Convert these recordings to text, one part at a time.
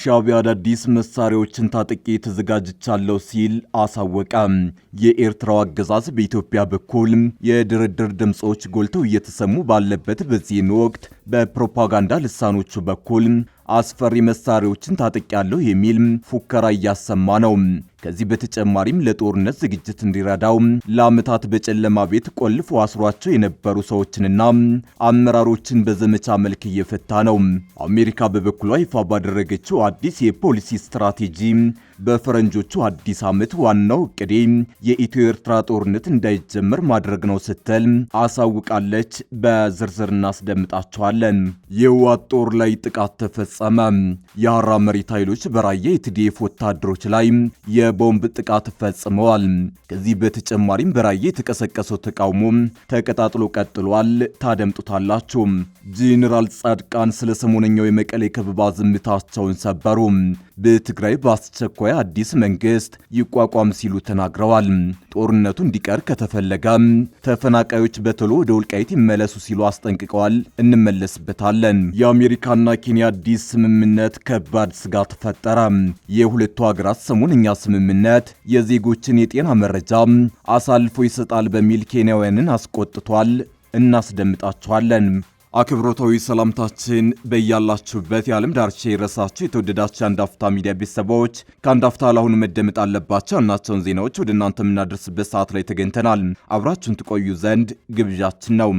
ሻቢያ አዳዲስ መሳሪያዎችን ታጥቄ ተዘጋጅቻለሁ ሲል አሳወቀ። የኤርትራው አገዛዝ በኢትዮጵያ በኩል የድርድር ድምፆች ጎልተው እየተሰሙ ባለበት በዚህን ወቅት በፕሮፓጋንዳ ልሳኖቹ በኩል አስፈሪ መሳሪያዎችን ታጠቂያለሁ የሚል ፉከራ እያሰማ ነው። ከዚህ በተጨማሪም ለጦርነት ዝግጅት እንዲረዳው ለዓመታት በጨለማ ቤት ቆልፎ አስሯቸው የነበሩ ሰዎችንና አመራሮችን በዘመቻ መልክ እየፈታ ነው። አሜሪካ በበኩሏ ይፋ ባደረገችው አዲስ የፖሊሲ ስትራቴጂ በፈረንጆቹ አዲስ ዓመት ዋናው እቅዴ የኢትዮ ኤርትራ ጦርነት እንዳይጀመር ማድረግ ነው ስትል አሳውቃለች። በዝርዝር እናስደምጣቸዋለን። የህወሓት ጦር ላይ ጥቃት ተፈጸመ። ተፈጸመ። የአራ መሬት ኃይሎች በራያ የትዲኤፍ ወታደሮች ላይ የቦምብ ጥቃት ፈጽመዋል። ከዚህ በተጨማሪም በራያ የተቀሰቀሰው ተቃውሞ ተቀጣጥሎ ቀጥሏል። ታደምጡታላችሁ። ጄኔራል ጻድቃን ስለ ሰሞነኛው የመቀሌ ከበባ ዝምታቸውን ሰበሩ። በትግራይ በአስቸኳይ አዲስ መንግስት ይቋቋም ሲሉ ተናግረዋል። ጦርነቱ እንዲቀር ከተፈለገ ተፈናቃዮች በቶሎ ወደ ወልቃይት ይመለሱ ሲሉ አስጠንቅቀዋል። እንመለስበታለን። የአሜሪካና ኬንያ አዲስ ስምምነት ከባድ ስጋት ፈጠረ። የሁለቱ ሀገራት ሰሞንኛ ስምምነት የዜጎችን የጤና መረጃ አሳልፎ ይሰጣል በሚል ኬንያውያንን አስቆጥቷል። እናስደምጣቸዋለን። አክብሮታዊ ሰላምታችን በያላችሁበት የዓለም ዳርቻ የረሳችሁ የተወደዳችሁ የአንዳፍታ አፍታ ሚዲያ ቤተሰቦች ከአንድ አፍታ ለአሁኑ መደመጥ አለባቸው ያናቸውን ዜናዎች ወደ እናንተ የምናደርስበት ሰዓት ላይ ተገኝተናል። አብራችሁን ትቆዩ ዘንድ ግብዣችን ነው።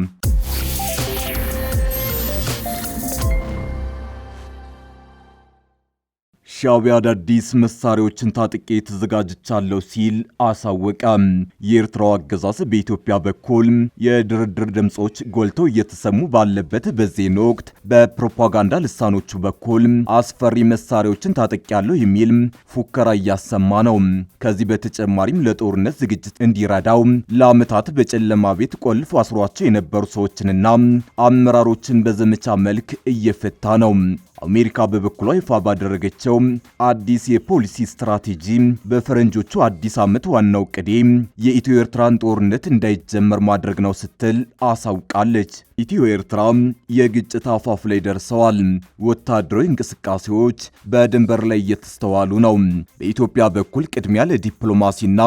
ሻቢያ አዳዲስ መሳሪያዎችን ታጥቄ ተዘጋጅቻለሁ ሲል አሳወቀ። የኤርትራው አገዛዝ በኢትዮጵያ በኩል የድርድር ድምፆች ጎልተው እየተሰሙ ባለበት በዜና ወቅት በፕሮፓጋንዳ ልሳኖቹ በኩል አስፈሪ መሳሪያዎችን ታጥቄያለሁ የሚል ፉከራ እያሰማ ነው። ከዚህ በተጨማሪም ለጦርነት ዝግጅት እንዲረዳው ለዓመታት በጨለማ ቤት ቆልፎ አስሯቸው የነበሩ ሰዎችንና አመራሮችን በዘመቻ መልክ እየፈታ ነው። አሜሪካ በበኩሏ ይፋ ባደረገቸው አዲስ የፖሊሲ ስትራቴጂ በፈረንጆቹ አዲስ ዓመት ዋናው ቅዴ የኢትዮ ኤርትራን ጦርነት እንዳይጀመር ማድረግ ነው ስትል አሳውቃለች። ኢትዮ ኤርትራ የግጭት አፋፍ ላይ ደርሰዋል። ወታደራዊ እንቅስቃሴዎች በድንበር ላይ እየተስተዋሉ ነው። በኢትዮጵያ በኩል ቅድሚያ ለዲፕሎማሲና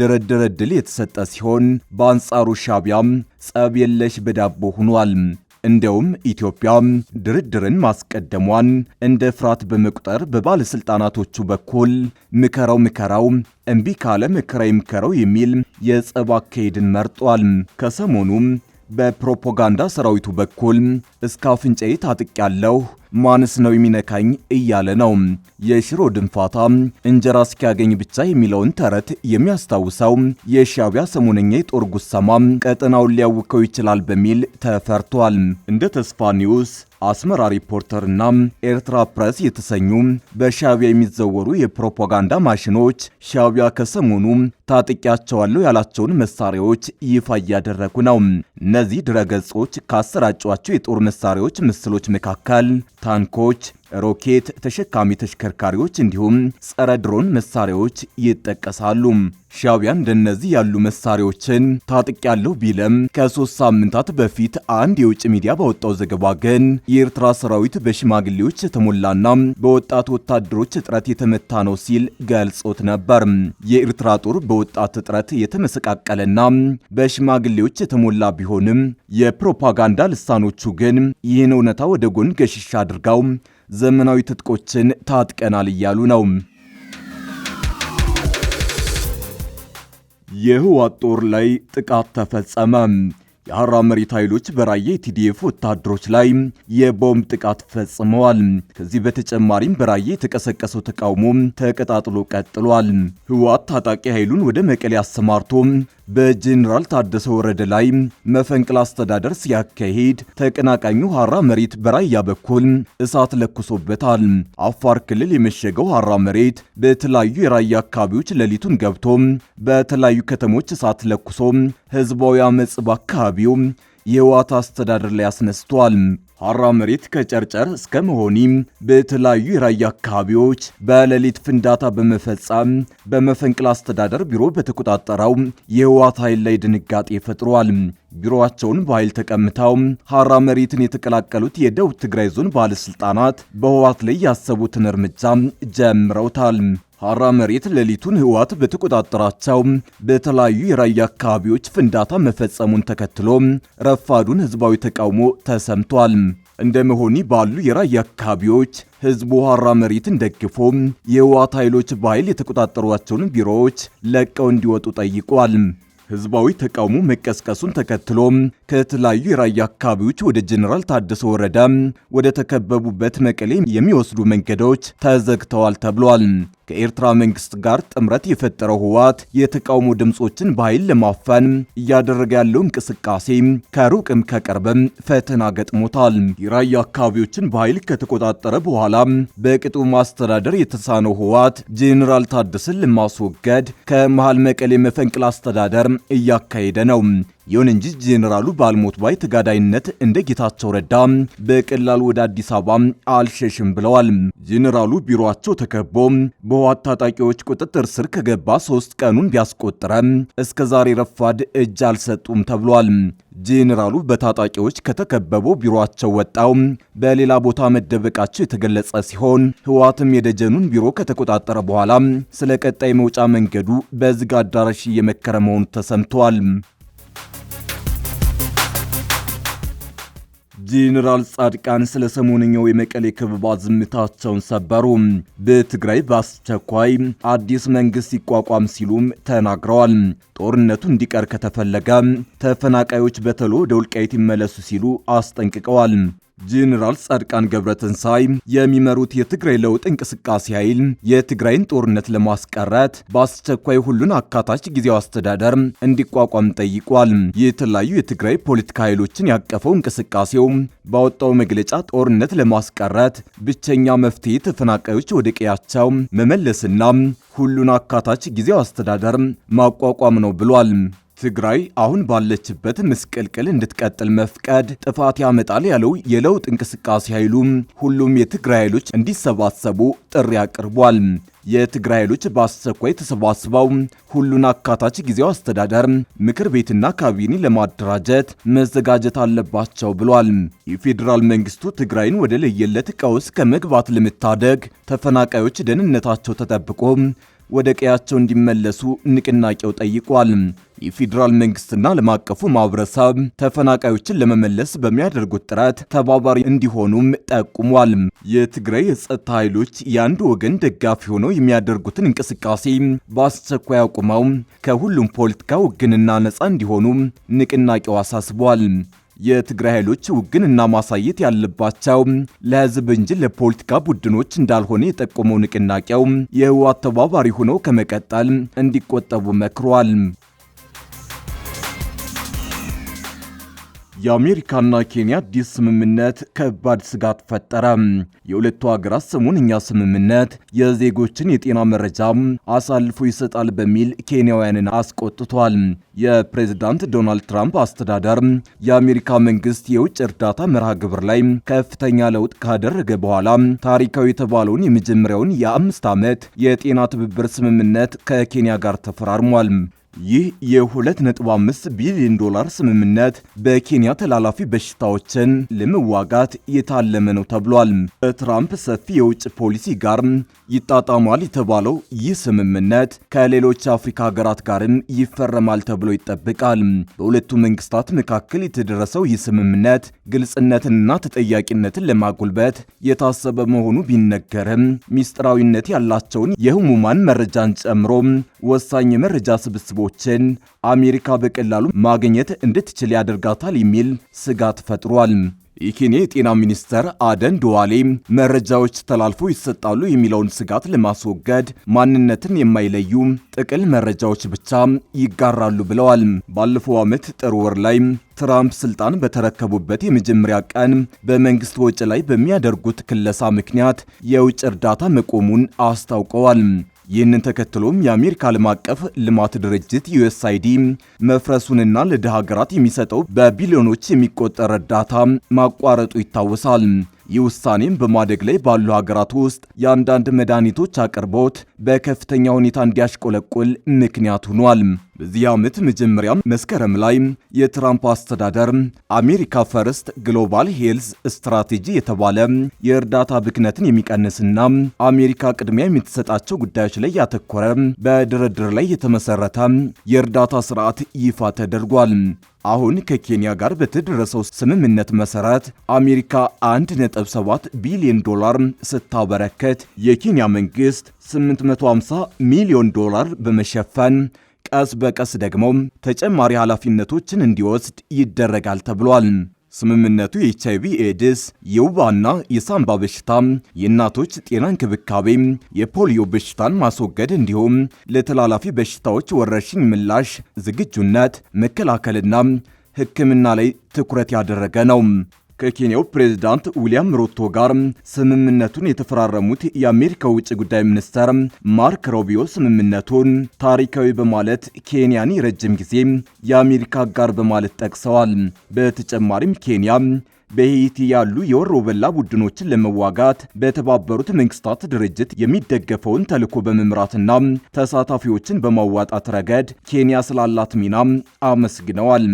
ድርድር ዕድል የተሰጠ ሲሆን፣ በአንጻሩ ሻቢያም ጸብ የለሽ በዳቦ ሆኗል። እንደውም ኢትዮጵያ ድርድርን ማስቀደሟን እንደ ፍርሃት በመቁጠር በባለስልጣናቶቹ በኩል ምከረው ምከራው እምቢ ካለ ምከራ ይምከረው የሚል የጸብ አካሄድን መርጧል። ከሰሞኑም በፕሮፓጋንዳ ሰራዊቱ በኩል እስከ አፍንጫዬ ታጥቅ ያለሁ ማንስ ነው የሚነካኝ እያለ ነው። የሽሮ ድንፋታ እንጀራ እስኪያገኝ ብቻ የሚለውን ተረት የሚያስታውሰው የሻቢያ ሰሞነኛ የጦር ጉሰማ ቀጠናውን ሊያውከው ይችላል በሚል ተፈርቷል። እንደ ተስፋ ኒውስ አስመራ ሪፖርተርና ኤርትራ ፕሬስ የተሰኙ በሻቢያ የሚዘወሩ የፕሮፓጋንዳ ማሽኖች ሻቢያ ከሰሞኑ ታጥቂያቸዋለሁ ያላቸውን መሳሪያዎች ይፋ እያደረጉ ነው። እነዚህ ድረገጾች ካሰራጯቸው የጦር መሳሪያዎች ምስሎች መካከል ታንኮች ሮኬት ተሸካሚ ተሽከርካሪዎች እንዲሁም ጸረ ድሮን መሳሪያዎች ይጠቀሳሉ። ሻቢያ እንደነዚህ ያሉ መሳሪያዎችን ታጥቅ ያለው ቢለም ከሶስት ሳምንታት በፊት አንድ የውጭ ሚዲያ ባወጣው ዘገባ ግን የኤርትራ ሰራዊት በሽማግሌዎች የተሞላና በወጣት ወታደሮች እጥረት የተመታ ነው ሲል ገልጾት ነበር። የኤርትራ ጦር በወጣት እጥረት የተመሰቃቀለና በሽማግሌዎች የተሞላ ቢሆንም የፕሮፓጋንዳ ልሳኖቹ ግን ይህን እውነታ ወደ ጎን ገሽሻ አድርገው ዘመናዊ ትጥቆችን ታጥቀናል እያሉ ነው። የህዋት ጦር ላይ ጥቃት ተፈጸመ። የሐራ መሬት ኃይሎች በራያ የቲዲኤፍ ወታደሮች ላይ የቦምብ ጥቃት ፈጽመዋል። ከዚህ በተጨማሪም በራያ የተቀሰቀሰው ተቃውሞ ተቀጣጥሎ ቀጥሏል። ህወሓት ታጣቂ ኃይሉን ወደ መቀሌ አሰማርቶ በጄኔራል ታደሰ ወረደ ላይ መፈንቅላ አስተዳደር ሲያካሂድ ተቀናቃኙ ሐራ መሬት በራያ በኩል እሳት ለኩሶበታል። አፋር ክልል የመሸገው ሐራ መሬት በተለያዩ የራያ አካባቢዎች ሌሊቱን ገብቶ በተለያዩ ከተሞች እሳት ለኩሶ ህዝባዊ አመጽ በአካባቢው የህወሓት አስተዳደር ላይ አስነስቷል። ሐራ መሬት ከጨርጨር እስከ መሆኒም በተለያዩ የራያ አካባቢዎች በሌሊት ፍንዳታ በመፈጸም በመፈንቅል አስተዳደር ቢሮ በተቆጣጠረው የህወሓት ኃይል ላይ ድንጋጤ ፈጥሯል። ቢሮቸውን በኃይል ተቀምተው ሐራ መሬትን የተቀላቀሉት የደቡብ ትግራይ ዞን ባለስልጣናት በህወሓት ላይ ያሰቡትን እርምጃ ጀምረውታል። ሀራ መሬት ሌሊቱን ህወሓት በተቆጣጠራቸው በተለያዩ የራያ አካባቢዎች ፍንዳታ መፈጸሙን ተከትሎ ረፋዱን ህዝባዊ ተቃውሞ ተሰምቷል። እንደ መሆኒ ባሉ የራያ አካባቢዎች ህዝቡ ሀራ መሬትን ደግፎ የህወሓት ኃይሎች በኃይል የተቆጣጠሯቸውን ቢሮዎች ለቀው እንዲወጡ ጠይቋል። ህዝባዊ ተቃውሞ መቀስቀሱን ተከትሎ ከተለያዩ የራያ አካባቢዎች ወደ ጀኔራል ታደሰ ወረዳ ወደ ተከበቡበት መቀሌ የሚወስዱ መንገዶች ተዘግተዋል ተብሏል። ከኤርትራ መንግስት ጋር ጥምረት የፈጠረው ህወሓት የተቃውሞ ድምፆችን በኃይል ለማፈን እያደረገ ያለው እንቅስቃሴ ከሩቅም ከቅርብም ፈተና ገጥሞታል። የራያ አካባቢዎችን በኃይል ከተቆጣጠረ በኋላ በቅጡ ማስተዳደር የተሳነው ህወሓት ጄኔራል ታደሰን ለማስወገድ ከመሃል መቀሌ መፈንቅል አስተዳደር እያካሄደ ነው። ይሁን እንጂ ጄኔራሉ ባልሞት ባይ ተጋዳይነት እንደ ጌታቸው ረዳ በቀላሉ ወደ አዲስ አበባ አልሸሽም ብለዋል። ጄኔራሉ ቢሮቸው ተከቦ በህወሓት ታጣቂዎች ቁጥጥር ስር ከገባ ሶስት ቀኑን ቢያስቆጥረ እስከ ዛሬ ረፋድ እጅ አልሰጡም ተብሏል። ጄኔራሉ በታጣቂዎች ከተከበበው ቢሮቸው ወጣው በሌላ ቦታ መደበቃቸው የተገለጸ ሲሆን ህወሓትም የደጀኑን ቢሮ ከተቆጣጠረ በኋላ ስለ ቀጣይ መውጫ መንገዱ በዝግ አዳራሽ እየመከረ መሆኑ ተሰምተዋል። ጄኔራል ጻድቃን ስለ ሰሞነኛው የመቀሌ ከበባ ዝምታቸውን ሰበሩ። በትግራይ በአስቸኳይ አዲስ መንግስት ሲቋቋም ሲሉም ተናግረዋል። ጦርነቱ እንዲቀር ከተፈለገ ተፈናቃዮች በተሎ ወደ ወልቃይት ይመለሱ ሲሉ አስጠንቅቀዋል። ጄኔራል ጻድቃን ገብረትንሳይ የሚመሩት የትግራይ ለውጥ እንቅስቃሴ ኃይል የትግራይን ጦርነት ለማስቀረት በአስቸኳይ ሁሉን አካታች ጊዜያዊ አስተዳደር እንዲቋቋም ጠይቋል። የተለያዩ የትግራይ ፖለቲካ ኃይሎችን ያቀፈው እንቅስቃሴው ባወጣው መግለጫ ጦርነት ለማስቀረት ብቸኛ መፍትሄ ተፈናቃዮች ወደ ቀያቸው መመለስና ሁሉን አካታች ጊዜያዊ አስተዳደር ማቋቋም ነው ብሏል። ትግራይ አሁን ባለችበት ምስቅልቅል እንድትቀጥል መፍቀድ ጥፋት ያመጣል ያለው የለውጥ እንቅስቃሴ ኃይሉም ሁሉም የትግራይ ኃይሎች እንዲሰባሰቡ ጥሪ አቅርቧል። የትግራይ ኃይሎች በአስቸኳይ ተሰባስበው ሁሉን አካታች ጊዜው አስተዳደር ምክር ቤትና ካቢኔ ለማደራጀት መዘጋጀት አለባቸው ብሏል። የፌዴራል መንግስቱ ትግራይን ወደ ለየለት ቀውስ ከመግባት ለመታደግ ተፈናቃዮች ደህንነታቸው ተጠብቆ ወደ ቀያቸው እንዲመለሱ ንቅናቄው ጠይቋል። የፌዴራል መንግስትና ዓለም አቀፉ ማህበረሰብ ተፈናቃዮችን ለመመለስ በሚያደርጉት ጥረት ተባባሪ እንዲሆኑም ጠቁሟል። የትግራይ የጸጥታ ኃይሎች የአንድ ወገን ደጋፊ ሆነው የሚያደርጉትን እንቅስቃሴ በአስቸኳይ አቁመው ከሁሉም ፖለቲካ ውግንና ነጻ እንዲሆኑ ንቅናቄው አሳስቧል። የትግራይ ኃይሎች ውግንና ማሳየት ያለባቸው ለህዝብ እንጂ ለፖለቲካ ቡድኖች እንዳልሆነ የጠቆመው ንቅናቄው የህወሓት ተባባሪ ሆነው ከመቀጠል እንዲቆጠቡ መክሯል። የአሜሪካና ኬንያ አዲስ ስምምነት ከባድ ስጋት ፈጠረ። የሁለቱ ሀገራት ሰሞንኛ ስምምነት የዜጎችን የጤና መረጃ አሳልፎ ይሰጣል በሚል ኬንያውያንን አስቆጥቷል። የፕሬዝዳንት ዶናልድ ትራምፕ አስተዳደር የአሜሪካ መንግስት የውጭ እርዳታ መርሃ ግብር ላይ ከፍተኛ ለውጥ ካደረገ በኋላ ታሪካዊ የተባለውን የመጀመሪያውን የአምስት ዓመት የጤና ትብብር ስምምነት ከኬንያ ጋር ተፈራርሟል። ይህ የ2.5 ቢሊዮን ዶላር ስምምነት በኬንያ ተላላፊ በሽታዎችን ለመዋጋት የታለመ ነው ተብሏል። ከትራምፕ ሰፊ የውጭ ፖሊሲ ጋር ይጣጣማል የተባለው ይህ ስምምነት ከሌሎች አፍሪካ ሀገራት ጋርም ይፈረማል ተብሎ ይጠበቃል። በሁለቱ መንግስታት መካከል የተደረሰው ይህ ስምምነት ግልጽነትንና ተጠያቂነትን ለማጎልበት የታሰበ መሆኑ ቢነገርም ሚስጥራዊነት ያላቸውን የህሙማን መረጃን ጨምሮ ወሳኝ የመረጃ ስብስቦ ምግቦችን አሜሪካ በቀላሉ ማግኘት እንድትችል ያደርጋታል የሚል ስጋት ፈጥሯል። የኬንያ የጤና ሚኒስተር አደን ዶዋሌ መረጃዎች ተላልፎ ይሰጣሉ የሚለውን ስጋት ለማስወገድ ማንነትን የማይለዩ ጥቅል መረጃዎች ብቻ ይጋራሉ ብለዋል። ባለፈው ዓመት ጥር ወር ላይ ትራምፕ ስልጣን በተረከቡበት የመጀመሪያ ቀን በመንግስት ወጪ ላይ በሚያደርጉት ክለሳ ምክንያት የውጭ እርዳታ መቆሙን አስታውቀዋል። ይህንን ተከትሎም የአሜሪካ ዓለም አቀፍ ልማት ድርጅት ዩኤስአይዲ መፍረሱንና ለድሃ ሀገራት የሚሰጠው በቢሊዮኖች የሚቆጠር እርዳታ ማቋረጡ ይታወሳል። ይህ ውሳኔም በማደግ ላይ ባሉ ሀገራት ውስጥ የአንዳንድ መድኃኒቶች አቅርቦት በከፍተኛ ሁኔታ እንዲያሽቆለቁል ምክንያት ሆኗል። በዚህ ዓመት መጀመሪያ መስከረም ላይ የትራምፕ አስተዳደር አሜሪካ ፈርስት ግሎባል ሄልዝ ስትራቴጂ የተባለ የእርዳታ ብክነትን የሚቀንስና አሜሪካ ቅድሚያ የምትሰጣቸው ጉዳዮች ላይ ያተኮረ በድርድር ላይ የተመሰረተ የእርዳታ ስርዓት ይፋ ተደርጓል። አሁን ከኬንያ ጋር በተደረሰው ስምምነት መሰረት አሜሪካ 1.7 ቢሊዮን ዶላር ስታበረከት የኬንያ መንግስት 850 ሚሊዮን ዶላር በመሸፈን ቀስ በቀስ ደግሞ ተጨማሪ ኃላፊነቶችን እንዲወስድ ይደረጋል ተብሏል። ስምምነቱ የኤች አይቪ ኤድስ፣ የውባና የሳምባ በሽታ፣ የእናቶች ጤና እንክብካቤ፣ የፖሊዮ በሽታን ማስወገድ እንዲሁም ለተላላፊ በሽታዎች ወረርሽኝ ምላሽ ዝግጁነት መከላከልና ሕክምና ላይ ትኩረት ያደረገ ነው። ከኬንያው ፕሬዝዳንት ዊሊያም ሮቶ ጋር ስምምነቱን የተፈራረሙት የአሜሪካ ውጭ ጉዳይ ሚኒስተር ማርክ ሮቢዮ ስምምነቱን ታሪካዊ በማለት ኬንያን የረጅም ጊዜ የአሜሪካ አጋር በማለት ጠቅሰዋል። በተጨማሪም ኬንያ በሄይቲ ያሉ የወሮ በላ ቡድኖችን ለመዋጋት በተባበሩት መንግስታት ድርጅት የሚደገፈውን ተልዕኮ በመምራትና ተሳታፊዎችን በማዋጣት ረገድ ኬንያ ስላላት ሚና አመስግነዋል።